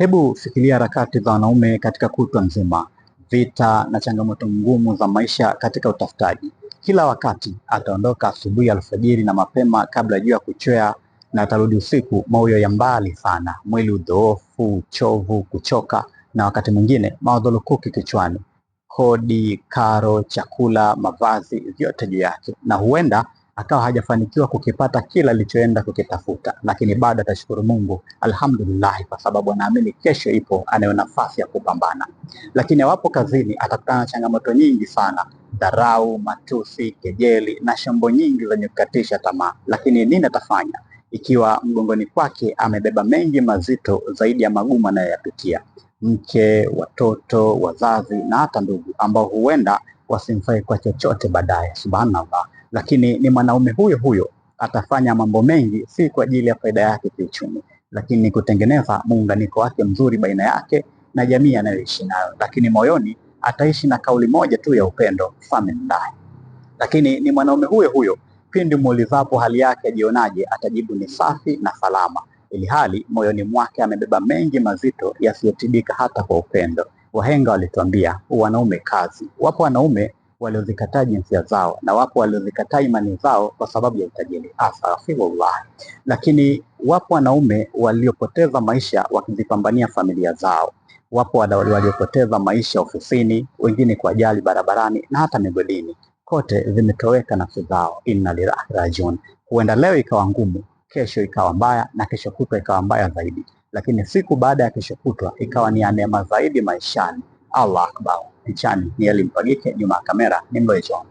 Hebu fikiria harakati za wanaume katika kutwa nzima, vita na changamoto ngumu za maisha katika utafutaji. Kila wakati ataondoka asubuhi, alfajiri na mapema kabla jua kuchwea, na atarudi usiku, moyo ya mbali sana, mwili udhoofu, uchovu, kuchoka na wakati mwingine mawazo lukuki kichwani. Kodi, karo, chakula, mavazi, vyote juu yake, na huenda akawa hajafanikiwa kukipata kila alichoenda kukitafuta, lakini bado atashukuru Mungu alhamdulillah, kwa sababu anaamini kesho ipo, anayo nafasi ya kupambana. Lakini awapo kazini, atakutana na changamoto nyingi sana, dharau, matusi, kejeli na shambo nyingi zenye kukatisha tamaa. Lakini nini atafanya ikiwa mgongoni kwake amebeba mengi mazito zaidi ya magumu anayoyapitia: mke, watoto, wazazi na hata ndugu ambao huenda wasimfai kwa chochote baadaye. Subhanallah lakini ni mwanaume huyo huyo atafanya mambo mengi, si kwa ajili ya faida yake kiuchumi, lakini ni kutengeneza muunganiko wake mzuri baina yake na jamii anayoishi nayo, lakini moyoni ataishi na kauli moja tu ya upendo, family. Lakini ni mwanaume huyo huyo pindi muulizapo hali yake ajionaje, atajibu ni safi na salama, ili hali moyoni mwake amebeba mengi mazito yasiyotibika hata kwa upendo. Wahenga walituambia wanaume kazi. Wapo wanaume waliozikataa jinsia zao na wapo waliozikataa imani zao kwa sababu ya utajiri, astaghfirullah. Lakini wapo wanaume waliopoteza maisha wakizipambania familia zao, wapo waliopoteza maisha ofisini, wengine kwa ajali barabarani na hata migodini, kote zimetoweka nafsi zao. Inna lillahi rajiun. Huenda leo ikawa ngumu, kesho ikawa mbaya, na kesho kutwa ikawa mbaya zaidi, lakini siku baada ya kesho kutwa ikawa ni neema zaidi maishani. Allah akbar. pichani, ni elimu kwa gike nyuma ya kamera ni Mloizo.